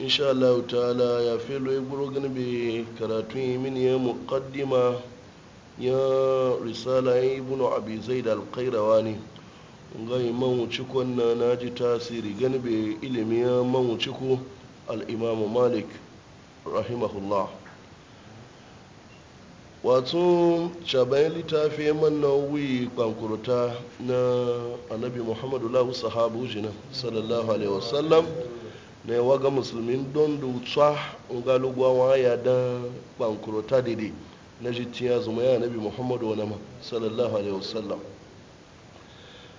insha Allah ta'ala ya fi ya guro gani karatun yi min ya muqaddima ya risala ya bunu abi zai da alkairawa ne ga imam kwanna na ji tasiri gani bi ilimi ya man ku al'imamu malik rahimahullah wato shabayin littafi man wuyi kwankurta na annabi muhammadu lahu sahabu jina sallallahu alaihi wasallam na yawa ga musulmi don da wutsa ngalugwa wa ya dan bankurota daidai na ya zuma ya nabi muhammadu wa nama sallallahu alaihi wasallam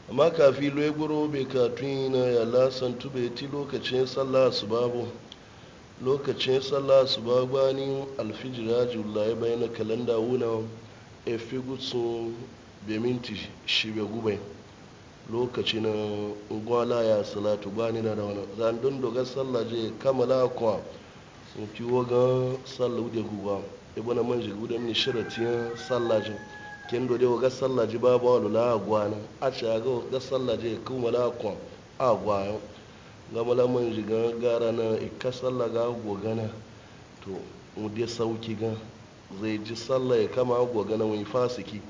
amma kafi lweguro bai katun na ya lasan tube ti lokacin sallah su babu lokacin sallah su babu ni alfijira jula ya na kalanda wuna e fi gutsu minti shi bai gubai lokaci na gwala ya salatu gwani na da zan zandun dogar sallah je kamala kwa sun fi waga sallah wude guba ibu na manji guda mini shiratiyan sallah je kin dode waga sallah je ba ba lagwa gwana a ce ga waga sallah je kamala kwa a gwayo gamala manji ga gara na ikka sallah ga gogana to mu dai sauki ga zai ji sallah ya kama gogana wani fasiki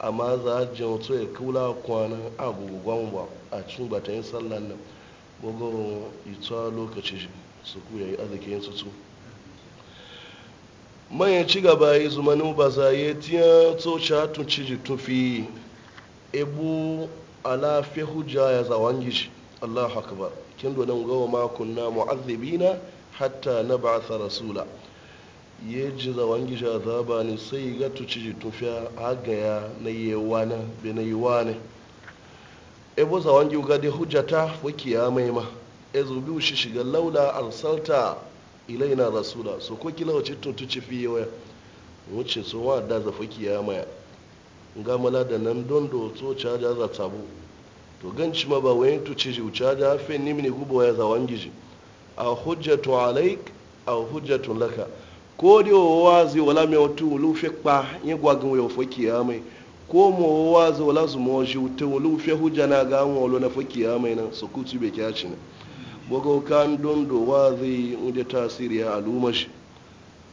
amma za a jin wato ya kula kwanan agogon ba a cin batayin sallan nan bugun ita lokaci su ku yayi arziki yin tutu manya ci gaba yi zumanin ba za yi tiya tsoca tun ciji tufi ebu fi hujja ya zawon gishi allah akbar kin donan gawa makon na na? hatta na ba'atha rasula ye ji zawon gisha azaba ne sai ga tuci tufiya agaya na yewa na bena yiwa ne ebo zawon gi ga hujjata wake ya mai ma e zubi shi shiga laula arsalta ilaina rasula so ko kila wace tun tuci fi yawa wuce so wa da za fuki ya ga mala da nan don do caja za tabu to ganci ma ba wani tuci ji caja fe nimini gubo ya wangi giji a hujjatu alaik a hujjatun laka ko da wazi wala mai wata wulufe kpa yin gwagin wa fa kiyamai ko mu wazi wala su mu shi wata wulufe hujja na ga mu wala na fa kiyamai nan su kutu bai kyaci na boga kan don do wazi ta siri ya aluma shi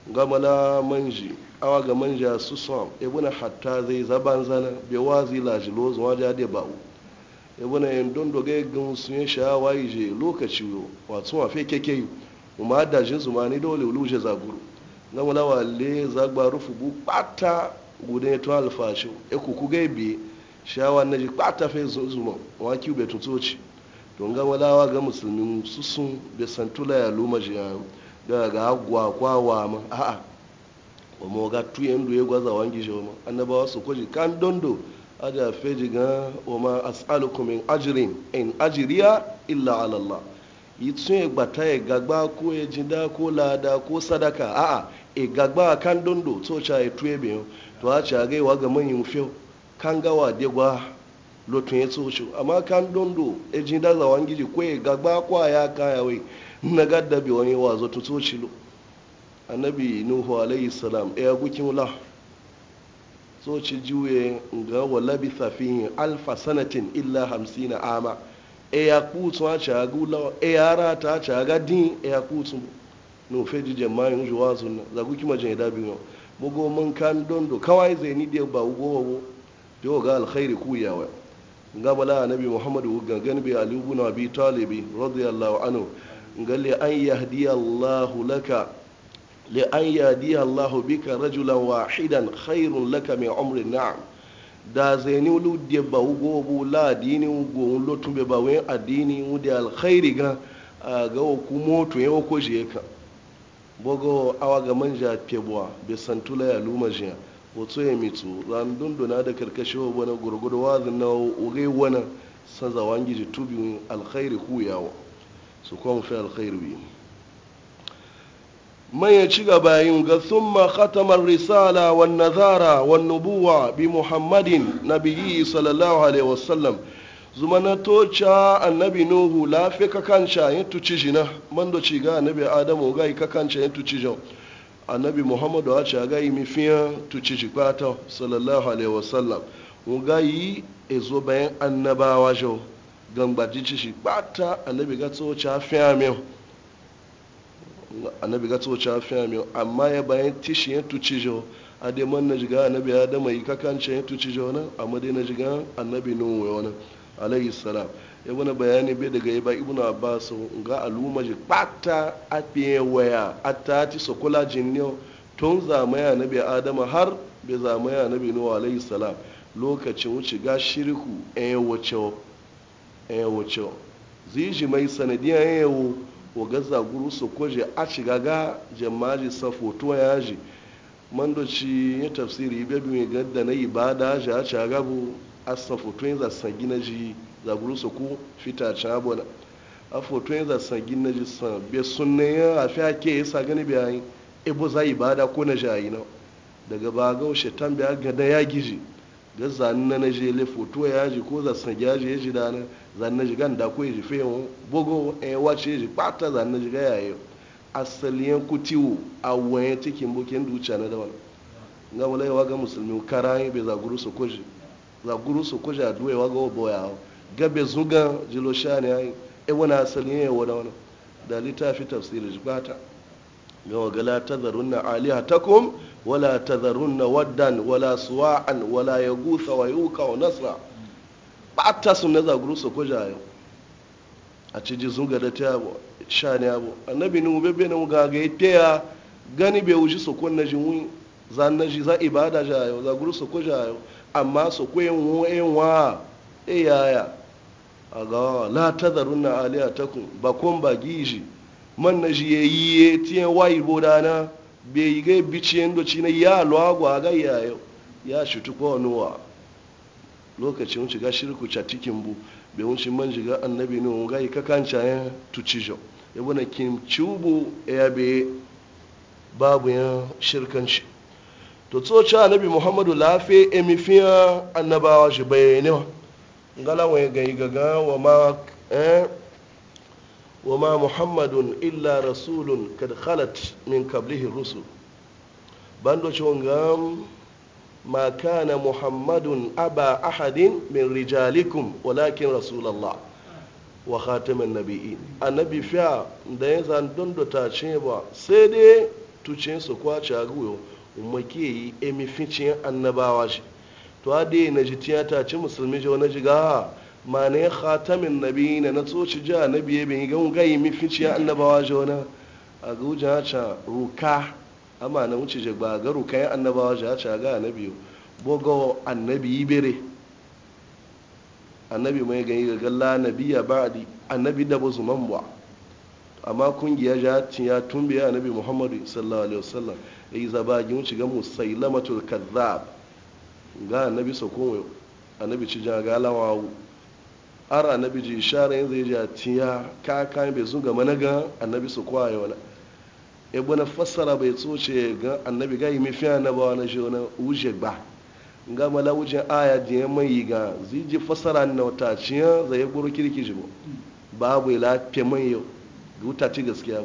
ngamala manji awa ga manji a som ebuna hatta zai zaban zana bai wazi lajilo zuwa jade ba'u ibuna yin don doga gan sun yi sha'awa yi je lokaci wato mafi keke yi umar da jin zuma ni dole uluje zaguru na walawa za zagba rufu bu kpata gude to alfashi e ku ku gaibe shawa na ji kpata fe zuzuma wa ki ube tutoci don ga walawa ga musulmi susun be santula ya luma jiya ga ga agwa wa ma a a wa mo ga tuyen ya gwaza wangi na annabawa su koji kan dondo aja feji ga wa ma as'alukum min ajrin in ajriya illa ala allah tun e gbata ya gagba ko e jinda ko lada ko sadaka a'a e gagba kan dondo to cha e tuye be to a cha ga wa ga man yin fiyo kan gawa de gwa lotun ya to shi amma kan dondo e jin da zawan gidi ko e gagba kwa ya kaya wai na gadda be wani wa zo to shi lo annabi nuhu alayhi salam e ya gukin la so ci juye ga wala bi safihin alfa sanatin illa hamsina ama e ya kutu a cha gula e ya rata a cha ga din e ya kutu no feji jemai nju wazu na za ku kima jin dabi no bugo mun kan dondo kawai zai ni da ba ugo wo jo ga alkhairi ku ya wa ga bala annabi muhammadu ga ganbi ali ibn abi talibi radiyallahu anhu ngali an yahdi allah laka li an allah bika rajulan wahidan khairun laka min umri na'am da zaini wulu de ba ugo bu la dini ugo lotumbe ba wen adini wudi alkhairi ga ga ku moto yawo ko je ka bogowa awa ga manja pebuwa bai santula ya luma jiya wato ya mitu ran dunduna da karkashi wa wani gurgudu wazin na ugai wani sanza wangi ji tubi alkhairi yawo su kwan fi alkhairi man ya ci gaba yin ga ma katamar risala wa nazara wa nubuwa bi muhammadin nabiyyi sallallahu alaihi wasallam zuma na toca annabi nuhu lafi kakanca yin tuci jina man da ci ga annabi adamu ga yi kakanca yin tuci jau annabi muhammadu a ci ga yi mifiyan tuci ji kwata sallallahu alaihi wasallam mu ga yi zo bayan annabawa jau gangbaji ci shi kwata annabi ga toca fiya min annabi ga toca fiya min amma ya bayan tishi yin tuci jau a dai man na jiga annabi adamu yi ka kakanca yin tuci jau nan amma dai na jiga annabi nuhu wani alayhi salam ya wani bayani bai daga ya ba ibn abbas ga aluma ji kpata fiye waya a ta ci sokola jinniyo tun zamaya nabi adama har bai zamaya nabi nuwa alayhi salam lokacin wuce ga shirku ɗaya eh, eh, wace ziji mai sanadiyar yawo wa gaza guru sokoje a shiga ga jamaji safoto ya ji mandoci ya tafsiri bebe mai gadda na ibada ji a ci a asa fotoyin za san gina ji za buru su ku fita can abona a fotoyin za san gina ji san bai sunne ya a fi ake yi sa gani bayan ebo za yi bada ko na jayi na daga ba ga ushe tan biya ga da ya giji ga zanin na je le foto ya ji ko za san ya ji ya ji da na zanin na ji gan da ko ya ji fe bogo e wace ya ji pata zanin na ji ga yayi asaliyan kutiwo a wayan cikin bukin duca na da wani ga wala yawa ga musulmi karayi bai zaguru su koji za guru su kuja duwe waga wa boya gabe zuga jilo shani ya e wani asali ne wani wani da littafi tafsiri jibata mai waga la tazarunna alihatakum wala na waddan wala suwa'an wala gusa wa yuka wa nasra bata sun na za guru su kuja yau a ciji zuga da ta yabo shani yabo annabi ni bebe na mu, ga ya gani bai wuji su na ji jinwi za na ji za ibada jayo za guru su kuja yau amma su kuyin wa e eh, yaya a ga la ta zarun na aliya ta kun bakon ba gishi man na shi ya yi ya tiye wayi na bai yi gai biciyen doci na ya lwagwa ga yayo ya shi tuko nuwa lokacin shiga shirku catikin bu bai wunci man shiga annabi ne wunga yi kakanca ya tuci ya bana kim cubu ya bai babu ya shirkan shi to ca annabi muhammadu lafe emifiya annabawa shi bayani galawa ya gai gaga wa ma eh, wa ma muhammadun illa rasulun kad khalat min kablihi rusul bando chongam ma kana muhammadun aba ahadin min rijalikum walakin rasulallah wa nabi'i A annabi fiya da yanzu don ta ce ba sai dai tucin su kwace a guyo umarki ya yi ficin annabawa shi to ade na ji tiyata ci musulmi ji wani jiga ma ne khatamin nabi na na tsoci ji nabi ya bin gan gai mificin annabawa shi wani a ga wuce haca ruka amma na wuce ji ba ga ruka yin annabawa shi haca ga annabi bogo annabi yi bere annabi mai gani ga galla a ba'adi annabi da bu zuman ba amma kungiya ja ya tumbe ya nabi muhammadu sallallahu alaihi wasallam ya yi zabagin wuce ga musailamatul kazzab ga nabi a nabi ci ja ga lawawu ara nabi ji shara yanzu ya ja ya kakan bai zunga mana ga annabi sokon ya wala ebe na fassara bai tsoce ga annabi ga yi mafiya na ba wani shi wani wuce ba ga mala wucin aya da ya mai ga zai ji fassara na wata ciyar zai ya guru kirki shi babu ya lafiya man yau guta ci gaskiya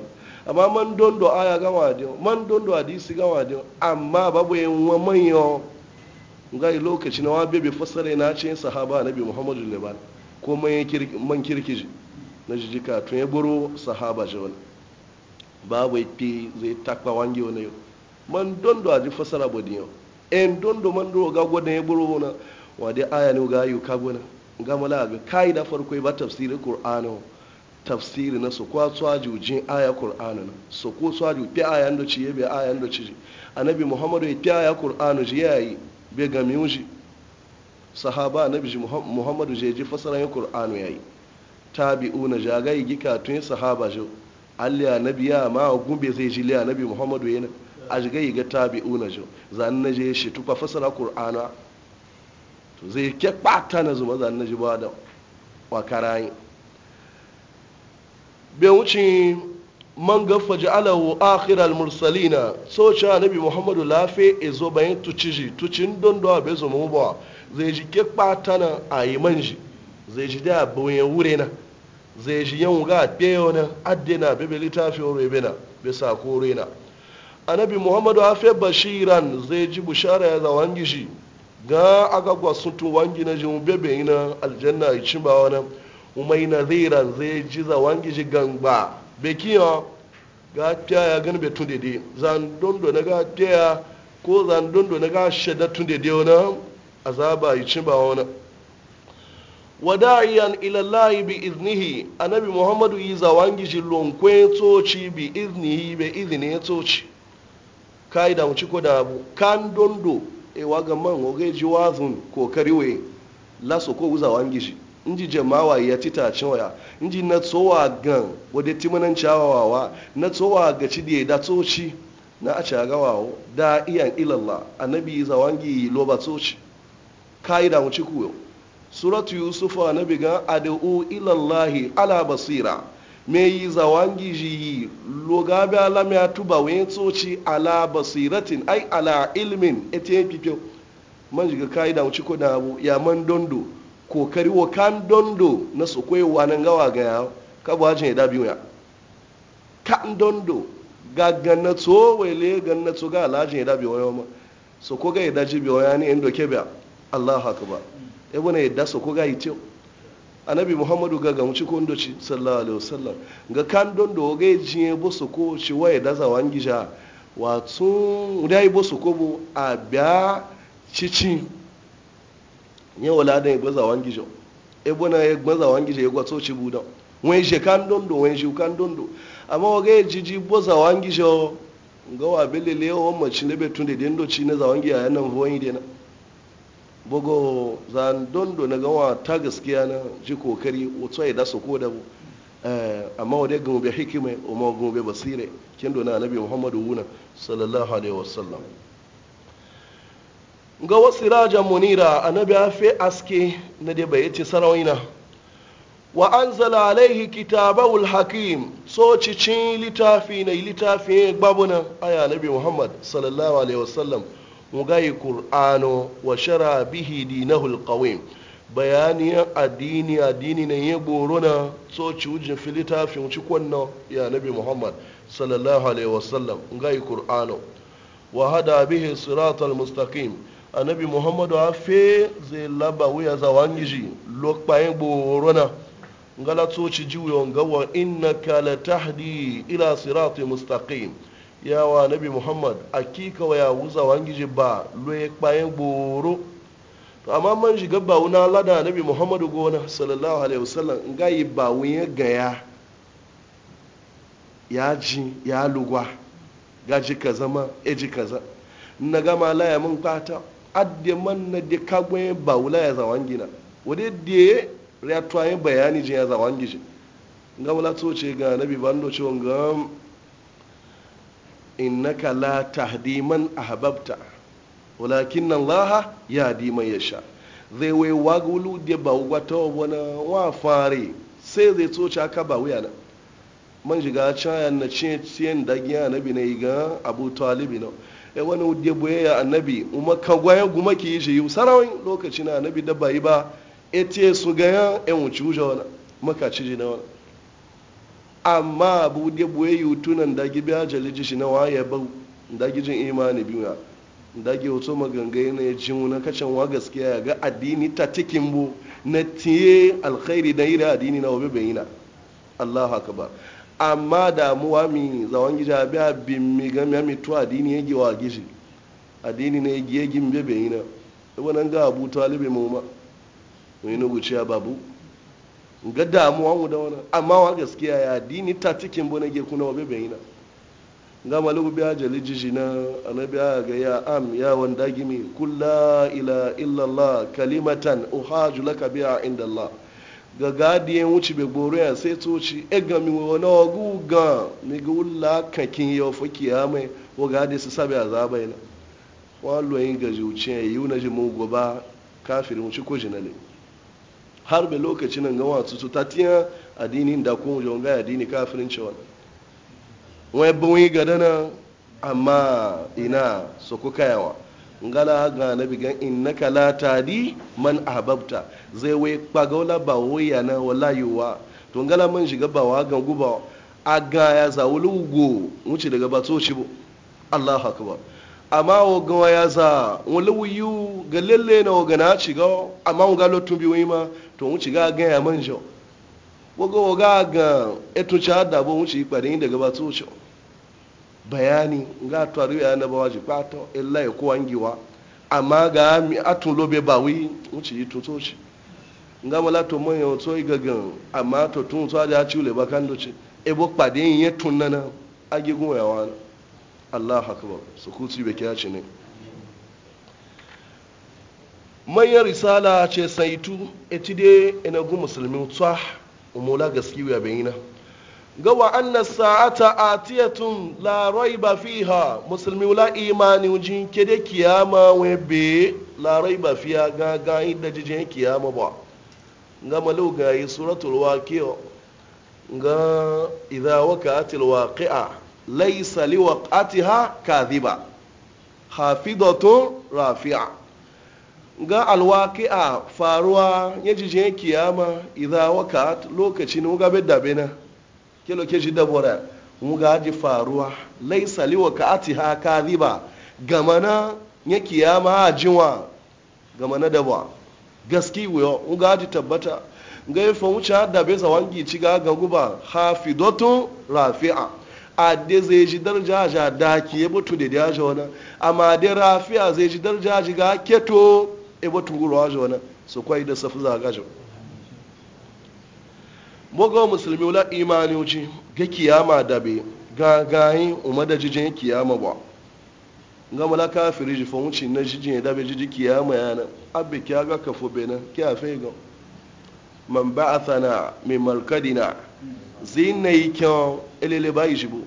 ba, amma man don do aya ga wajen man don do hadisi ga wajen amma babu yin wa manyo ngai lokaci na wabe bi fasara na ce sahaba nabi muhammadu liban ko man kirki na jijika tun ya buru sahaba shi wani babu ipi zai takwa wange wani yau man don do aji fasara bodin yau en don do man do ga gwadon ya buru wani wade aya ne ga yi kagwana ga malaga kai da farko ba tafsirin kur'anu. tafsiri na sokwa tswaju jin aya qur'anu na soko tswaju fi aya ndo ci ayar aya ndo ci annabi muhammadu fi aya qur'anu ji yayi be ga miuji sahaba annabi ji muhammadu je ji fasara ya qur'anu yayi tabi'una jagai gika tun sahaba ji alli annabi ya ma gumbe sai ji li annabi muhammadu yana ajigai ga tabi'una ji zan na je shi tufa fasara qur'ana to zai ke kpata na zuma zan na ji ba da wakarayin bai wuce man gafa ja'alahu akhiral mursalina so cha nabi muhammadu lafe ezo bayan tuciji tucin don bai zo mu ba zai ji ke kpata na man manji zai ji da boye wure na zai ji yan ga peyo na addena bebe litafi rebe na be sa ko rena annabi muhammadu afe bashiran zai ji bushara ya zawan gishi ga aga gwasun tun wangi na jin bebe ina aljanna ya cimba wani umai nazira zai ji zawan gishi gangba bekiyo ga fiya gani bai tun dede zan dondo na ga fiya ko zan dondo na ga shada tun dede wani azaba yi cin ba wani wada'iyan ilallahi bi iznihi annabi muhammadu yi zawan gishi lonkwe tsoci bi iznihi bai izini tsoci kai da wuci ko da abu kan dondo ewa ga man ogeji wazun kokari we laso ko zawan gishi inji jama'a ya ci ta waya inji na tsowa gan wadda ti manan cawawa na tsowa ga ci da da tsoci na a cagawa da iyan ilalla annabi zawangi loba tsoci kai da mu ci suratu yusufa annabi ga adu ilallahi ala basira me yi zawangi ji yi bi alamiya tuba wani tsoci ala basiratin ai ala ilmin etiyan pipiyo man jiga kai da mu ci ko na abu ya man dondo kokari wa kan dondo na su koyi nan gawa ga ya kabu hajjin ya da biyu ya kan dondo ga ganato to wele ganato to ga ya da biyu ya ma so ko ga da ji biyu ya ne indo ke biya Allahu akbar e bune yadda so ko ga yi ce annabi muhammadu ga gamci ko indo ci sallallahu alaihi wasallam ga kan dondo ga ji bo so ko ci ya da zawan gija wato dai bo so ko bo a biya cici nye wala da ya gbaza wangi jo e ya gbaza wangi jo ya gwato ci budan wani je kan dondo wani je kan dondo amma waga ya jiji gbaza wangi jo ga wa bele le wani mace ci lebe tunde den do ci na za wangi ya nan voyi dena bogo za dondo na gawa wa ta gaskiya na ji kokari wato ya dasa ko eh, da amma wadai gumbe bi hikima o ma gumu bi basire kin na annabi muhammadu wuna sallallahu alaihi wasallam ga wasu rajan munira annabi ya fi aske na da bai ce sarauna wa an zala alaihi kitabawul hakim so cicin littafi na littafi babuna aya nabi muhammad sallallahu alaihi wasallam gai kur'ano wa shara bihi dinahul qawim bayaniyan addini addini ne ya goro na so ci wujin fi littafi wuci kwanna ya nabi muhammad sallallahu alaihi wasallam gai kur'ano wa hada bihi siratal mustaqim anabi muhammadu a fe zai laba wuya za wangiji lokpayin borona ngala ci jiwon gawa inna kala tahdi ila sirati mustaqim yawa nabi muhammad akika wa ya wuza ji ba lokpayin boro to amma man shiga ba wuna lada nabi muhammadu gona sallallahu alaihi wasallam ga yi ba wuya gaya ya ji ya lugwa gaji kaza ma eji kaza na gama laya mun kwata adde man na de kagwe ba wula ya zawangi na wade de ya tuwaye bayani jin ya zawangi jin ga wala to ce ga nabi bando ce wanga innaka la tahdi man ahbabta walakin Allah ya di man yasha zai wai wagulu de ba wata wani wa fare sai zai to ce aka ba wuya na man shiga cayan na ce tiyan dagiya nabi na yi ga abu talibi na ya wani wudde ya annabi kuma ka gwaya guma ke yi shi sarawin lokaci na annabi da yi ba ya ce su gaya en wuce wuce wani maka ciji na wani amma abu wudde yi tunan da biya ajali shi na waye ba da jin imani biyu na da wato magangai na ji na kacin wa gaskiya ga addini ta tikin bu na tiye alkhairi da yi da addini na wabe bayina Allahu akbar amma damuwa mi zawon gija bi a bin mi ga mi to addini yake wa gishi adini na ya giye mi bebe ina ɗaba nan ga abu talibi mu ma mu yi nugu ciya babu ga damuwa mu da wani amma wa gaskiya ya adini ta cikin bu ge kuna wa bebe ina ga malugu biya a jali jiji na anabi a ga ya am ya wanda gimi kula ila illallah kalimatan uhajulaka laka biya inda Allah ga gadiyan wuce bai goro ya sai toci e ga mi wani ogu ga mi ga wula kakin yau faki ya mai ga gadi su sabi a zabai na wallo yin gaji wuce ya yi wuna jimin goba kafin wuce ko ne. har bai lokaci nan gawa su su tatiya addinin da kuma wajen ga addini kafirin cewa wai bawai gada na amma ina su kuka yawa ngala ga nabi gan innaka kala tadi man ahbabta zai wai kpagola ba wuya na wala yuwa to ngala man shiga ba wa gan guba a ga ya za wulu go wuce daga ba so shi bo Allah akbar amma o ga ya za wulu yu ga lalle na ga na shiga amma o ga lotun bi ma to wuce ga ga ya man jo wogo woga ga etu cha da bo wuce kparin daga ba so shi bayani ga tuwaru ya na bawa jikwata illa ya kowa ngiwa amma ga mi atun lobe ba wi wuce yi to shi nga mala to mun yau to igagan amma to tun to da ci le bakan do ci e bo pade yin ya tun nana age gun ya wa Allahu akbar su ku ci be kiya ci ne mai ya risala ce saitu etide ina gu musulmin tsah umula gaskiya bayina ga wa anna sa'ata atiyatun ba fi ha musulmi wula imani jin kede kiyama we be ba raiba fiha ga ga da jijin kiyama ba ga malu ga yi suratul waqi'a ga idha waqa'atil waqi'a laysa liwaqatiha kadhiba hafidatun rafi'a ga alwaqi'a faruwa ya jijin kiyama idha waqa'at lokacin ga bedda bena kilo ke shi dabora muga ji faruwa laisa liwa ka ati ha kadhiba gama na ya kiyama ajiwa gama na dabwa gaski wuyo muga ji tabbata ga ya fa wuce da bai sa wangi ci ga ga guba hafidatu rafi'a ade zai ji darja ja da ki ya butu da ya jona amma da rafi'a zai ji darja ji ga keto e butu ruwa jona su kwai da safu za ga mogo musulmi wula imani uci ga kiyama da be ga gayi umada jijin kiyama ba ga mala kafiri ji fa wuci na jijin da be jiji kiyama yana abbe kiya ga kafo be na kiya fe ga man ba'athana min malkadina zinai kyo elele bai jibu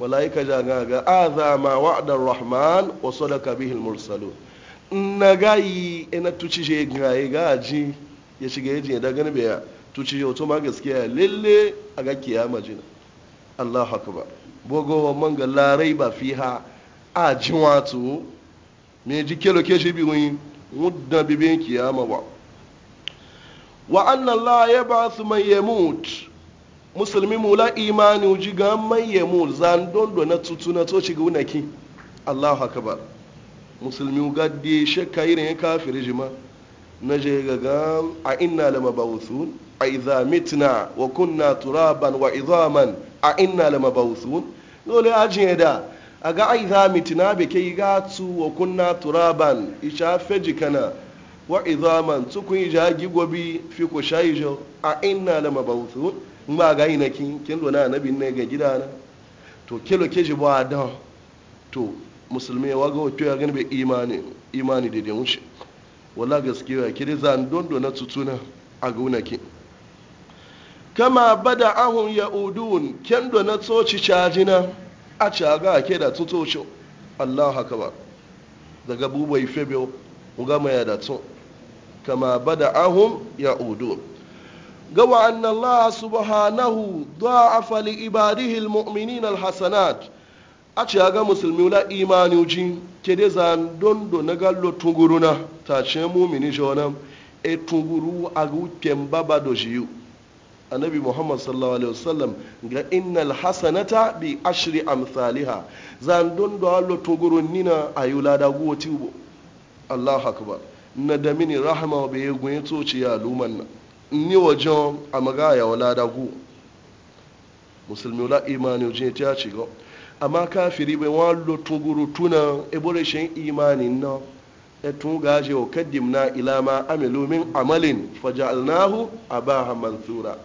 malaika ja ga ga aza ma wa'da rahman wa sadaka bihi al na nagayi ina tuci je ga ga ji ya shiga yaji da gani ya tuci yau to ma gaskiya lalle a ga kiyama jina Allah akbar bogo man ga larai ba fi ha a ji wato me ji kelo ke shi bi wani mudda bibin kiyama ba wa anna la ya ba su man yamut musulmi mula imani uji ga man yamut zan dondo na tutu na to ci ga wunaki Allah akbar musulmi gaddi shakka irin ya kafiri jima na je ga a inna lama bawusun a idha mitna wa kunna turaban wa izaman a inna lama bausun dole aji da a ga aiza idha mitna be ke ga tu wa kunna turaban isha feji kana wa idhaman tukun ija gigobi fi ko ijo a inna lama In ba ga ina kin kin dona annabi ne ga gida na? to ke ji ba da to musulmi ya ga wato ya gani be imani imani da da wuce wala gaskiya kiri zan dondo na tutuna a gonaki kama bada ahun ya udun kendo na tsoci cajina a caga ke da tutoci allah haka ba daga yi febe gama ya da tun kama bada ahun ya udun gawa an allah subhanahu da'afa li ibadihi almu'minin alhasanat a caga musulmi la imani ji ke zan dondo na gallo tunguruna ta ce mumini jona e tunguru a gukken baba dojiyu annabi muhammad sallallahu alaihi wasallam ga innal hasanata bi ashri amthaliha zan don do allo togoro nina ayula da go tubo allah akbar na da mini rahama bai yegun to ci ya luman ni wajen amaga ya wala da go musulmi la imani je ta ci go amma kafiri bai wallo togoro tuna ebore shen imani na tun gaje wa kaddim na ila ma amilu min amalin fajalnahu abaha mansura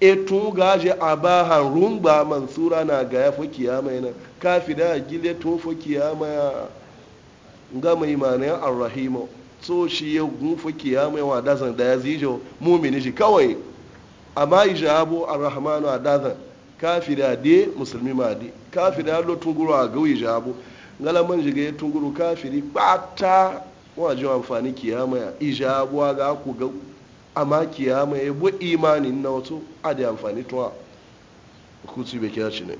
e gaje a baha rumba mansura na ga ya fi kiyama yana kafi da gile to fi kiyama ya ga mai mana arrahima so shi ya gun fo kiyama wa dazan da ya zijo mumini shi kawai a amma ijabu arrahmanu a dazan kafi da de musulmi ma de kafi da lo tunguru a gawi ijabu ngalaman jiga ya tunguru kafiri bata wajen amfani kiyama ya ijabu ga ku ga amma kiyama ya bu imanin na wato a da amfani tuwa kuci bai kira ne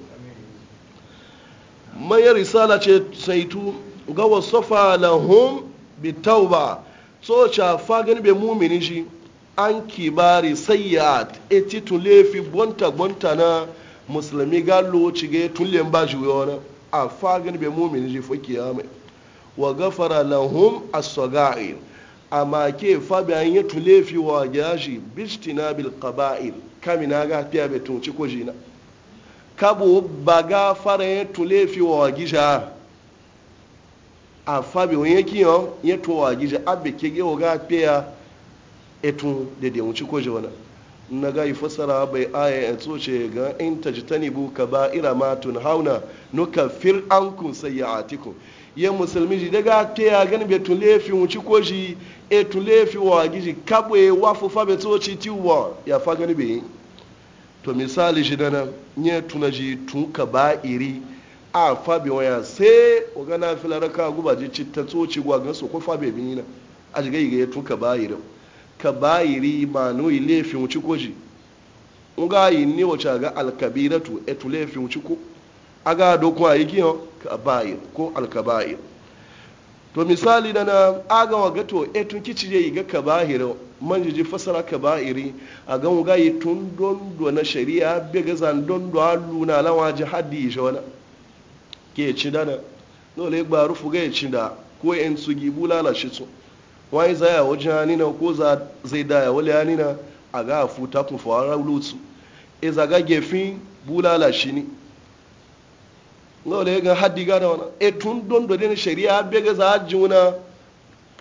mayar risala ce saitu ga wasu falahun bitau ba so ca fagen bai mumini shi an kibari sayyad e titun lefi gwanta gwanta na musulmi galo cige tun liyan ba shi wani a fagen bai mumini shi fa kiyama wa gafara lahum as-sagair a ke fabian ya tulefi fi wa gashi bistina bil qaba'il kami na ga fiya bai tunci ko Kabu ba ga fara ya tulefi wa gisha a wani ya yau ya to wa gisha abu ke gewa ga fiya etun da da wuci ko wani na ga yi fasara bai aya ya tsoce ga in tajtanibu kaba'ira ma tunhauna nukaffir ankum atiku. ya musulmi ji daga ta ya gani bai tun laifin wuci ko etu laifi wa gizi kabwe wa fufa tso tsoci wa ya fa gani bai to misali shi dana nye tuna ji tun ba iri a fa wa ya sai waga na fila raka guba ji ci ta tsoci gwa gan so ko fa bai na a ji gai gai tun ba iri ka ba iri ma no yi laifin wuci nga yi ne wace ga alkabiratu etu laifin wuci ko aga dokwa yi ka ba iri ko alkaba'ir to misali da na agawa gato e tun kici ya yi ga kabahiro man jiji fasara kaba'iri a gan gayi tun dondo na shari'a be ga zan dondo halu na lawa jihadi shi ke ci da dana dole ba rufu ga ya ci da ko yan su gibu shi su wani zaya wajen na, ko zai daya wali hanina a ga futa kun fawara lutsu e zaga gefin bulala shi ne ngole ga haddi ga da wana e tun don do den shari'a be ga za juna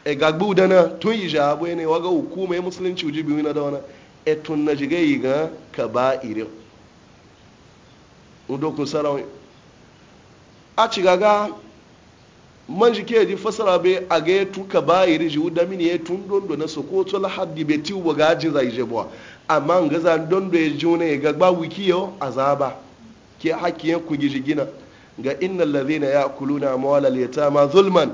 e ga gbuda na tun yi abu ne waga hukuma musulunci uji biyu na da wana e tun na jiga yi ga ka ba irin mu dokun sarawi a ci gaga man ke ji fasara be a ga ya e tuka ba iri ji wuda mini ya e tun don do na sokoto la haddi be tiwo ga ji zai je bo amma ga za don do e ya ji ya gagba ba wiki a azaba ke hakiyar kugi jigina gina ga ya ladhina ya'kuluna leta ma zulman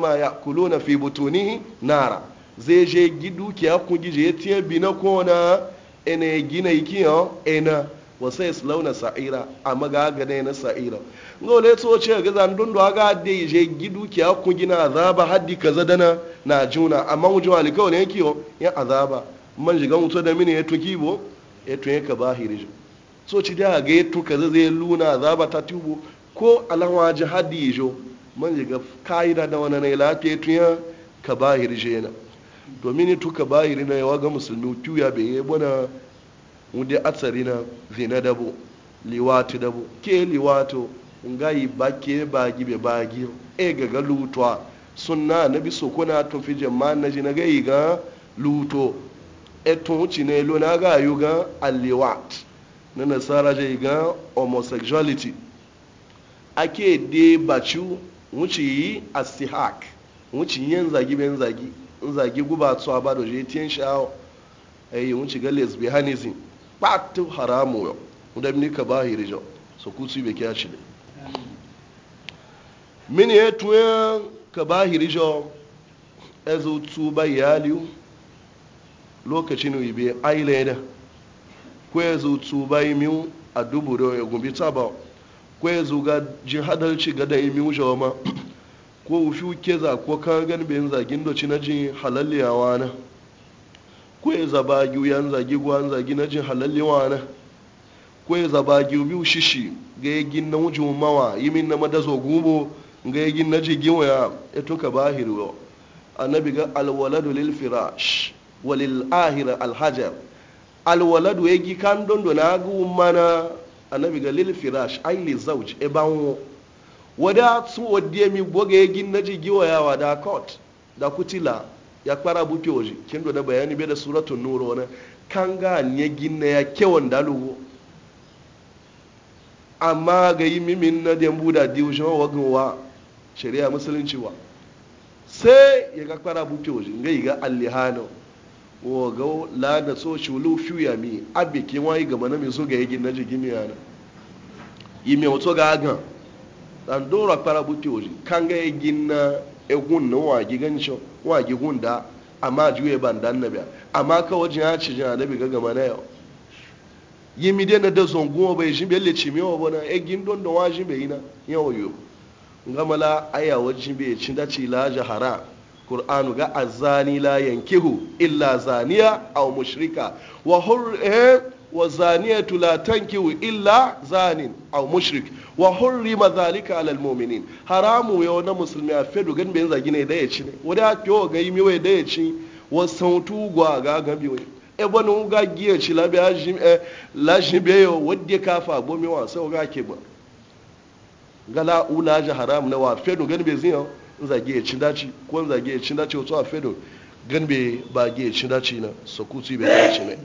ma kulu na fi butunihi nara zai je gidu ki hakun gije bi na kona ya gina ikiyo Ina. wasa ya launa sa'ira a magaga na sa'ira ga wale to ce ga zan waga aga ya je gidu ki hakun gina azaba haddi kaza dana na juna amma mu jawali kawai ne kiyo ya azaba man shiga mutu da mini ya tuki bo ya tuye ka bahiri so ci da ga ya tuka zai luna azaba ta tubo ko alhawa jihadi yijo man yi ga ka'ida da wani nai lafiya ya ka bahir jena domin tu ka bahir na yawa ga musulmi kiwa bai yi bana wunde atsari na zina dabo liwatu dabo ke liwato ngayi bake bagi be bagi e ga ga na sunna nabi sokona tun fi jama'an na ji na gayi ga luto e tun wuce na ilo na ga ga aliwat na nasara ga homosexuality ake de bacu wuce yi a sihak wuce nzagi bai nzagi, nzagi zagi guba tsuwa ba da jetiyan sha'awa ayi eh, wuce ga lesbianism kpatu haramu yau wanda mini ka ba hiri jau so ku su bai kya cile mini ya tuya ka ba hiri jau ezo tu ba yaliu lokacin wibe aile da ko ezo tu ba yi miu a dubu da ya gumbi kwaye zuga jihadarci ga da imi wuce ma ko wufi uke za ko kan gani bayan zagin doci na jin halalliyawa na ko ya zaba yan zagi gwan zagi na jin halalliyawa na ko ya zaba giyu biyu shishi ga ya gin na wujin mawa yi min na madazo gubo ga ya gin na jigin waya ya tuka bahir yau annabi ga alwaladu lil firash walil ahira alhajar alwaladu ya gi kan dondo na ga mana annabi ga lil firash ai li zawj e banwo wada su wadiye mi boge gin naji giwa da kot da kutila ya kpara buke waje kin da bayani be da suratul nur wani kanga ga ne gin ya kewon dalugo amma ga yi mimin na dembu da diwshin wa wa shari'a musulunci wa sai ya ga kpara buke waje ga ga wogo la da so ci lu fiu ya mi abi ki wai gaba na mi so ga yigi na jigi mi yana yi mi wato ga gan dan dora para buti oji kan ga yigi na egun na wa gi gan cho wa gi gunda amma juye ban dan na biya amma ka waje ya ci jina da bi ga gaba na yau yi mi de na da zongo bai jin be le ci mi wa bona egin don don wa jin be ina yawo yo ngamala aya wajin be cin da ci la jahara qur'anu ga azani la yankihu illa zaniya aw mushrika wa hur eh, wa zaniyatu la tankihu illa zanin aw mushrik wa hurrima zalika alalmominin, haramu yau na musulmi a fedu gan ben zagi ne da ya ci ne wada kyo ga yi miwe da ya ci wa sautu gwa ga e ga biwe e bonu ga giye ci la biya jim e la jibe wa sai ga ke ba gala ula ja haram na wa fedu gan be zin zage ya cin daci ko zage ya cin daci wato a fedor gan bai ba ge ya cin daci na sokutu be daci ne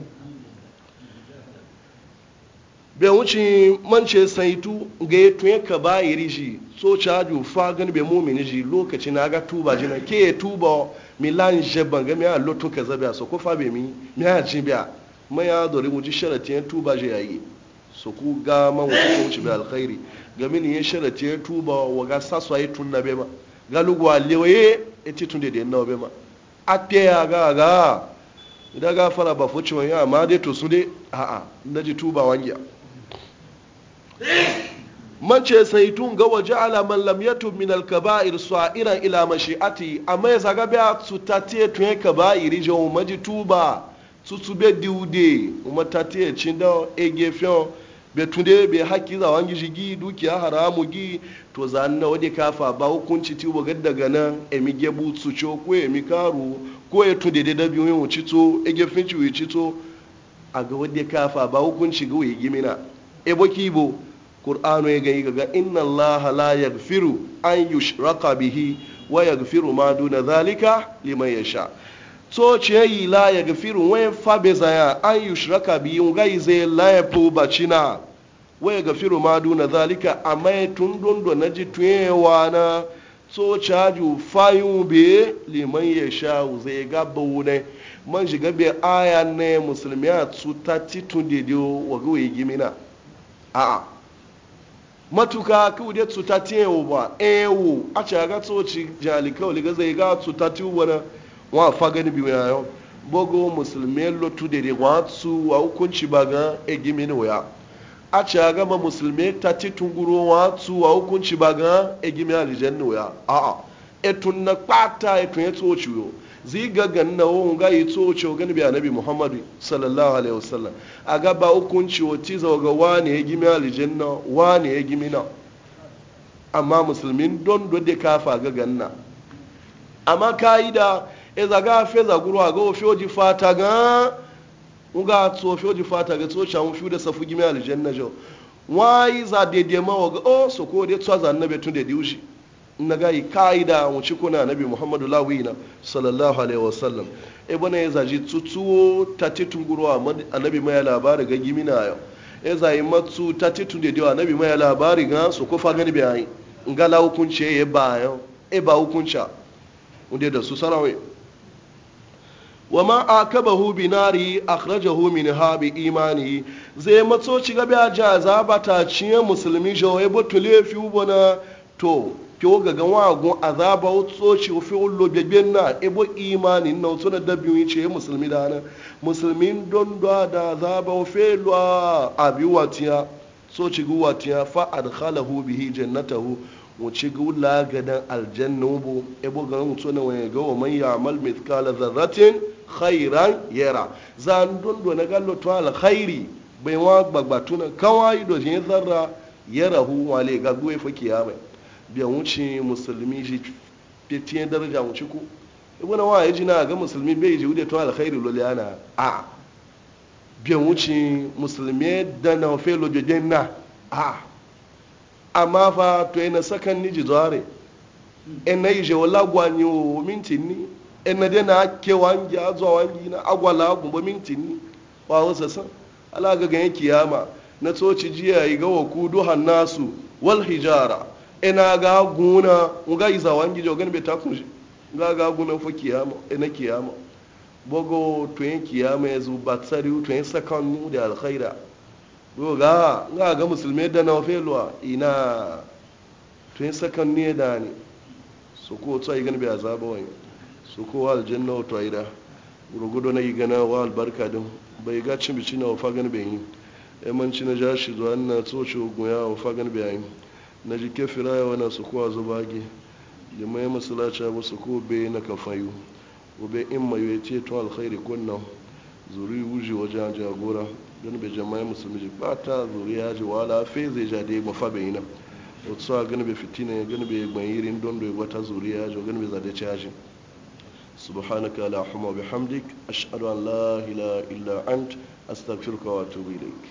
bai wuce mance saitu ga ya tuye ka ba yi shi so caju fa gan bai mumini ji lokaci na ga tuba jina ke ya tuba milan jeban ga miya a lotun ka a so ko fa be mi mi a jin biya maya dori wuce sharati ya tuba ya yi so ku ga man wuce ko wuce bai alkhairi ga mini ya sharati ya tuba wa ga saswaye tun na bai ma galugwa lewaye eti tunde da yannawa bema ape ya ga ga idan ga fara ba fuci wani amma dai to su dai a'a na ji tuba wangiya mace sai tun ga waje alaman lam yatub min al kaba'ir sa'iran ila mashi'ati amma ya saga biya su tatie tun ya kaba'iri je maji tuba su su be diude umma tatie cin da egefion betunde be haƙƙi za wangi shigi dukiya haramu gi to na wade kafa ba hukunci ti wa gadda gana emi gebu co ko emi karu ko ya tunde da dabi wi wucito e gefin ci to a ga wade kafa ba hukunci ga wuyi gimina e boki bo qur'anu ya gani ga inna allah la yaghfiru an yushraka bihi wa yaghfiru ma duna zalika liman yasha' to ce yi la ya gafiru wayan fabe zaya an yi shiraka biyu gai zai laye bacina ya gafiru ma duna zalika a mai tun dondo na ji tuyewa na to caju fayin be liman ya sha zai gaba wune man shiga be aya ne musulmi a tsuta titun daidai wa gawai gimina a'a matuka da tsuta tiyewa ba e ewu a caga tsoci jalikawa liga zai ga tsuta tiyewa na wa fagani bi na yau bogo musulmi lotu da wa tsu wa hukunci ba e gimi egimini waya a ci a gama musulmi ta tunguru wa tsu wa hukunci ba ga egimini alijanni waya a'a etun na kpata etun ya tsoci zai ziga ganna wo ga yi to ce gani bi annabi muhammadu sallallahu alaihi wasallam a ba hukunci ci za ga wani ya e gimi aljanna wani ya e gimi na amma musulmin don dode kafa ga ganna amma kaida eza ga feza guru ga o shoji fata ga uga tso shoji fata ga tso cha mushu da safu gimi aljanna jo wai za dede ma ga o so ko de tso za annabi tun da di diushi na ga yi kaida mu ci kuna nabi muhammadu lawina sallallahu alaihi wasallam e bana e ya zaji tutuwo tatitun guru annabi mai labari ga gimi na e za yi matsu tatitun da dewa annabi mai labari ga so ko fa gani bayani ngala hukunce ya bayan e ba e hukunca wanda da su sarawai wa man akabahu bi nari akhrajahu minha bi imani. zai matso ci gabe a jaza ba ta ciye musulmi jawai ba tule fi ubona to kyo ga ga wagon azaba utso ci fi ullo bebe na ebo imani na utso na dabi ce musulmi da na musulmin don da da azaba fe lo abi watiya so ci gu watiya fa adkhalahu bihi jannatahu wuce gula gadan aljanna bu ebo ga utso na waya ga wa man ya'mal mithqala dharratin khairan yara a dondo na gallo to alkhairi. khairi bai wa gbagba na kawai da shi zarra ya rahu wale ga goye fa mai biya wuce musulmi shi fitiyar daraja wuce ko ibuna wa yaji na ga musulmi bai ji wuce to alkhairi khairi lol a biya wuce musulmi da na fe lojojen na a amma fa to yana sakan ni ji zuwa re en yi je wala gwani o mintin ni ina dai na ke wangi a zuwa wangi na agwala gumba minti ni ba wasa san ala ga ganin kiyama na tsoci jiya yi ga ku duhan nasu wal hijara ina ga guna yi iza wangi jo gani bai ta kunshi ga ga guna fa kiyama ina kiyama bogo to yin kiyama yazo batsari to yin sakan da alkhaira go ga ga ga musulmai da na feluwa ina to yin sakan ne da ne su ko yi gani bai azaba wani su kowa aljanna wato a ida gurgudu na gana wa albarka din bai ga cin bici na wafa gani bai yi yamanci na ja shi zuwa na tsoci ogun ya wafa gani bai yi na jike firaya wana su kowa zuba ge mai masalaci abu su ko bai na kafayu gobe in mai yi ce to alkhairi kunna. zuri wuji wajen jagora don bai jama'i musulmi ba ta zuri ya ji wala fe zai ja da ya mafa bai yi nan wasu a gani bai fitina ya gani bai gbanyirin don bai wata zuri ya ji gani bai zade caji سبحانك لا حم بحمدك أشهد أن لا إله إلا أنت أستغفرك وأتوب إليك